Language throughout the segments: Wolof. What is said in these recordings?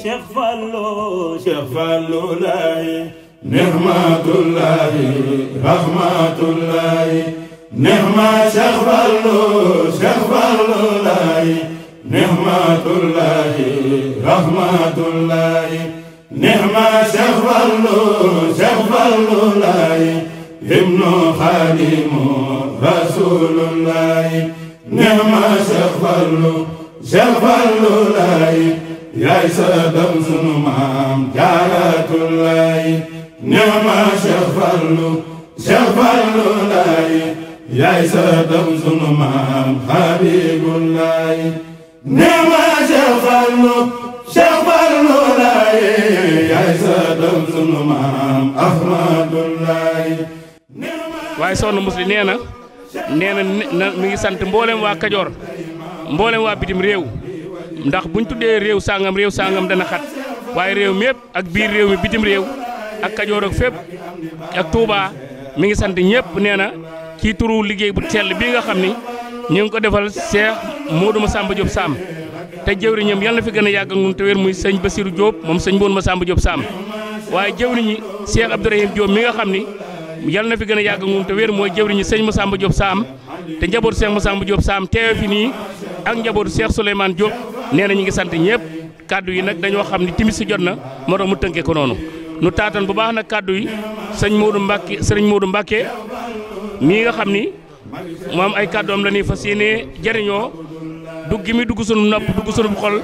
Cheikh Fallou Cheikh Fallou laay nihmatullahi rahmatullahi nihma Cheikh Fallou Cheikh Fallou laay nihmatullahi rahmatullahi nihma Cheikh Fallou Cheikh Fallou laay ibnu xaadimu rasuulullahi nihma Cheikh Fallou Cheikh Fallou laay yaay sa dam sunu maam jaaratullaahi nema ma Cheikh Fallou Cheikh Fallou laayi yaay sa dam sunu maam Habibullaahi nema ma Cheikh Fallou Cheikh Fallou laayi yaay nee na nee na mi ngi sant mboolem waa Kajoor mboolem waa bitim réew ndax buñ tuddee réew sangam réew sangam dana xat waaye réew mi yëpp ak biir réew mi bitim réew ak Kajoor ak fépp ak Touba mi ngi sant ñëpp nee na ci turu liggéey bu tell bii nga xam ni ñu ngi ko defal Cheikh Modou Massamba Diop Sam te jëwriñam yal na fi gën a yàgg ñun te wér muy sëñ Basirou Diop moom sëñ Modou ba Diop Sam waaye jëwriñi Cheikh Abdourahim Diop mi nga xam ni yal na fi gën a yàgg ñun te wér mooy jëwriñi sëñ Massamba Diop Sam te njabootu Cheikh Massamba Diop Sam nee na ñu ngi sant ñëpp kàddu yi nag dañoo xam ni timis si jot na moo tax mu tënkee ko noonu nu taatan bu baax na kàddu yi sëñ Modou Mbacke sëñ Modou Mbacke mii nga xam ni moom ay kàddoom la ñuy fas yéenee jëriñoo dugg gi muy dugg sunu nopp dugg sunu xol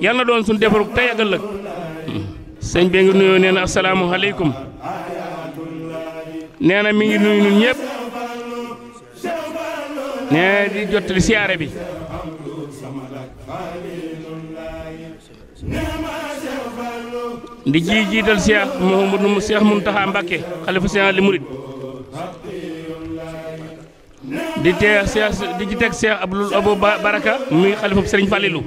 yal na doon suñu defaru tey ak ëllëg sëñ bi ngi nuyoo nee na asalaamualeykum nee na ngi nuyu ñun ñëpp nee di jottali siyaare bi. di ji jiital Cheikh Mouhamadou Cheikh Mountakha Mbacké xalifa Cheikh li murid di tee Cheikh di ci teg Cheikh Abdoul Baraka muy xalifa Serigne Fallilou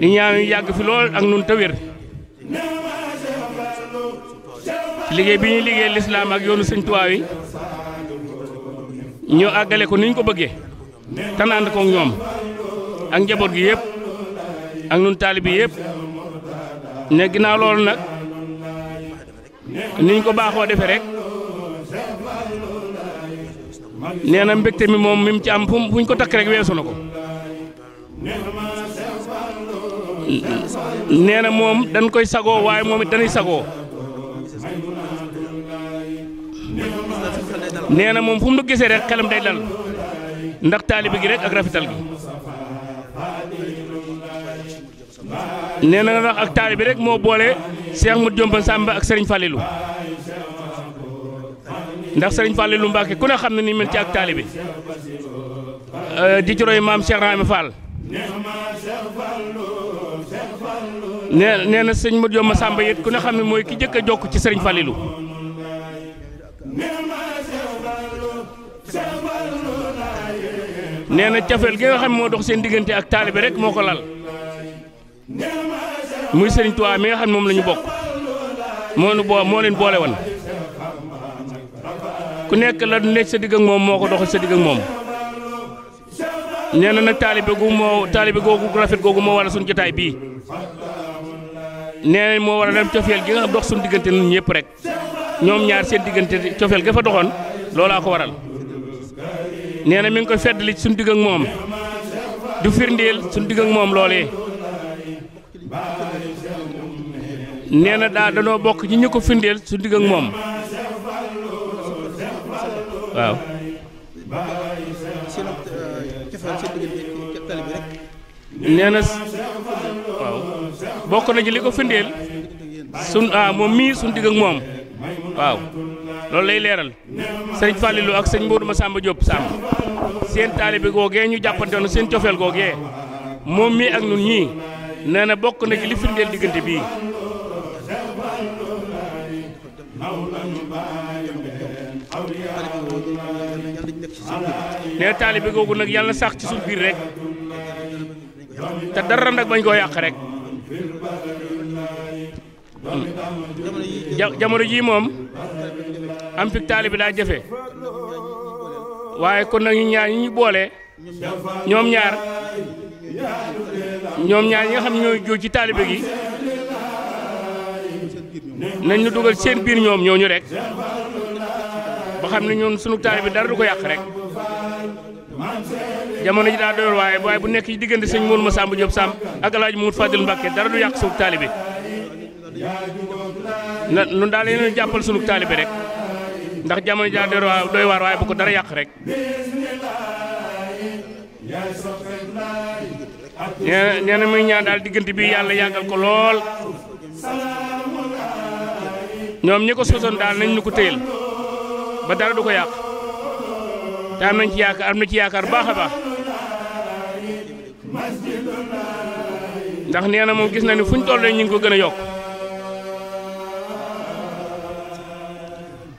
di ñaan yàgg fi lool ak nun tawér liggéey bi ñuy liggéey lislaam ak yoonu Sëñ Tuubaa yi àggale ko ni ko bëggee tan ànd koog ñoom ak njaboot gi yépp ak nun taalibi yëpp ne ginnaaw loolu nag niñ ko baaxoo defee rek nee na mbégte mi moom mim mu ci am fu fuñ ko takk rek weesu na ko nee na moom dañ koy sagoo waaye moom it dañuy sagoo nee na moom fu mu nu gisee rek day dal ndax taalibe gi rek ak rafetal gi nee na ndax ak taalibe rek moo boole seex Modou jomba sàmba ak sëriñ Fallilou ndax Serigne Fallilou Mbacke ku ne xam ne ni mel ci ak taalibe di ci maam Cheikh Rahma Fall nee nee na sëñ Modou Diomba Samba yit ku ne xam ne mooy ki jëkk a jokk ci sëriñ Fallilou. nee na cafeel gi nga moo dox seen diggante ak taalibe rek moo ko lal muy Serigne Touba mi nga xam moom la ñu bokk moo nu boo moo leen boole woon ku nekk la nekk sa digg moom moo ko dox sa digg ak na nag taalibe gu moo taalibe googu rafet googu moo waral suñu jotaay bii nee na moo waral dem cofeel gi dox suñu diggante ñun ñëpp rek ñoom ñaar seen diggante cofeel ga fa doxoon loolaa ko waral. nee na mi ngi koy feddali ci suñu digg ak moom du firndeel suñu digg moom loolee. nee na daa danoo bokk ci ñi ko firndeel suñu digg moom waaw. na waaw bokk na ci ko firndeel sun ah moom mii suñu moom waaw. loolu lay leeral sëriñ Fallilou ak sëñ Modou Massamba Diop Samb seen taalibe googee ñu jàppantewoon seen cofeel googee moom mi ak nun ñii nee na bokk na ci li firndeel diggante bii nee taalibe googu nag yàlla na sax ci suñ biir rek te dara nag bañ koo yàq rek jamono jii moom am pik taalibe daa jafe waaye kon nag ñu ñaar ñi ñu boole ñoom ñaar ñoom ñaar ñi nga xam ñooy jóg ci taalibe gi nañ ñu dugal seen biir ñoom ñooñu rek ba xam ne ñun sunu taalibe dara du ko yàq rek jamono ji daa doyul waaye waaye bu nekk ci diggante sëñ Mourou Massamba Diop Samb ak El Hadj dara du yàq sunu taalibe. na lu daal yéen jàppal sunu taalibe rek. ndax jamono jaa doy waar waaye bu ko dara yàq rek nee nee na daal diggante bi yàlla yàggal ko lool ñoom ñi ko sosoon daal nañ ñu ko téyel ba dara du ko yàq te am nañ ci yaakaar am na ci yaakaar baax a baax ndax nee na moom gis na ni fu ñu toll ñu ko gën a yokk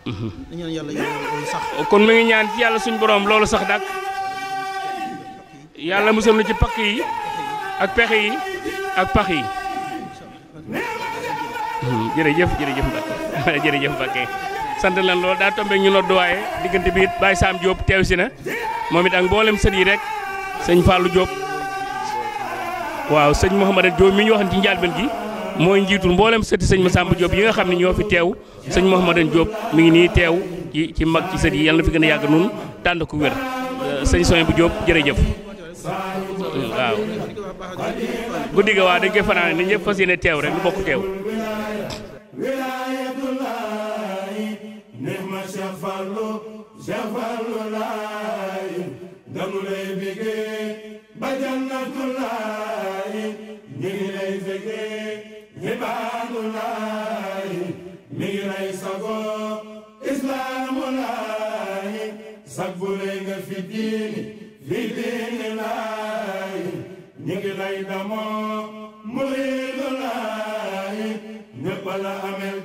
ñaan yàlla yàlla sax. kon mi ngi ñaan ci yàlla suñu boroom loolu sax dak yàlla musal na ci pakk yi ak pexe yi ak pax yi. Hmm, jërëjëf jërëjëf Mbacke jërëjëf Mbacke sant lan loolu daa tombe ñu nodd waaye diggante bi it Baye Sam Diop teew si na moom it ak mboolem sët yi rek sëñ Fallou Diop waaw sëñ Mouhamadou Diop mi ñu ci njàlbeen gi. mooy njiitul mboolem sëti sëñ Massamba Diop yi nga xam ne ñoo fi teew sëñ Mouhamadane Diop mi ngi nii teew ci ci mag ci sët yi yàlla na fi gën a yàgg nun tànd ko wér euh, sëñ Soñ bu Diop jërëjëf waaw guddi ga waa dañ koy fanaane ba jannatu laay ñu ngi ibaadullahi mi ngi lay sagoo islaamullahi sagbulay nga fi diini fi diini laayi ñu ngi lay damoo muriidullahi ñëpp la amel